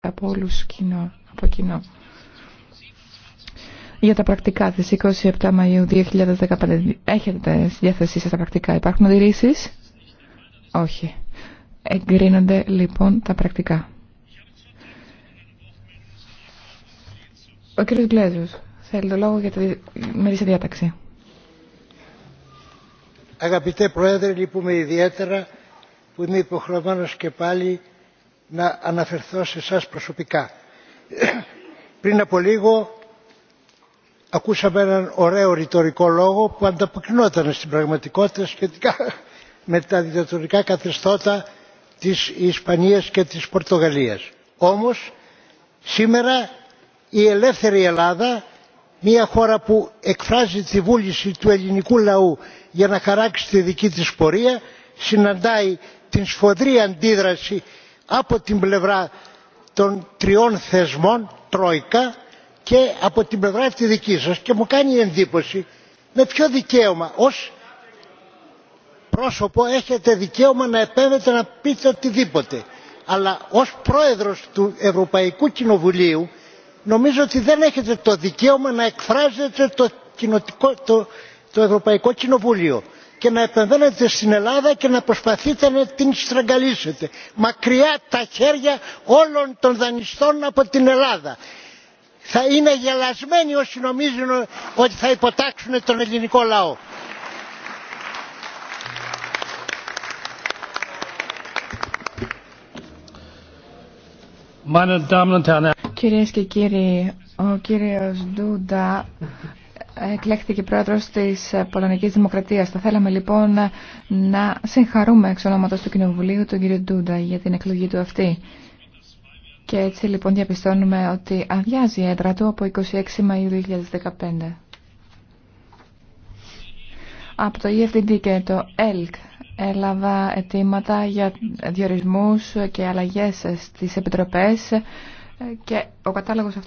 από όλους κοινό, από κοινό. Για τα πρακτικά της 27 Μαΐου 2015 έχετε στη διάθεσή σας τα πρακτικά. Υπάρχουν αντιρρήσεις? Όχι. Εγκρίνονται λοιπόν τα πρακτικά. Ο κύριος Γκλέζος θέλει το λόγο για τη μερίσια διάταξη. Αγαπητέ Πρόεδρε, λυπούμε ιδιαίτερα που είμαι υποχρεωμένος και πάλι να αναφερθώ σε εσά προσωπικά. Πριν από λίγο ακούσαμε έναν ωραίο ρητορικό λόγο που ανταποκρινόταν στην πραγματικότητα σχετικά με τα διδατορικά καθεστώτα της Ισπανίας και της Πορτογαλίας. Όμως σήμερα η ελεύθερη Ελλάδα μια χώρα που εκφράζει τη βούληση του ελληνικού λαού για να χαράξει τη δική της πορεία συναντάει την σφοδρή αντίδραση από την πλευρά των τριών θεσμών τρόικα και από την πλευρά τη δική σας και μου κάνει εντύπωση με ποιο δικαίωμα ως πρόσωπο έχετε δικαίωμα να επέμβετε να πείτε οτιδήποτε αλλά ως πρόεδρος του Ευρωπαϊκού Κοινοβουλίου νομίζω ότι δεν έχετε το δικαίωμα να εκφράζετε το, το, το Ευρωπαϊκό Κοινοβούλιο και να επεμβαίνετε στην Ελλάδα και να προσπαθείτε να την στραγγαλίσετε. Μακριά τα χέρια όλων των δανειστών από την Ελλάδα. Θα είναι γελασμένοι όσοι νομίζουν ότι θα υποτάξουν τον ελληνικό λαό. Κυρίες και κύριοι, ο κύριος Ντούντα εκλέχθηκε πρόεδρος της Πολωνικής Δημοκρατίας. Θα θέλαμε λοιπόν να συγχαρούμε εξ ονόματος του Κοινοβουλίου τον κύριο Ντούντα για την εκλογή του αυτή. Και έτσι λοιπόν διαπιστώνουμε ότι αδειάζει η έδρα του από 26 Μαΐου 2015. Από το EFDD και το ELK έλαβα αιτήματα για διορισμούς και αλλαγές στις επιτροπές και ο κατάλογος αυτό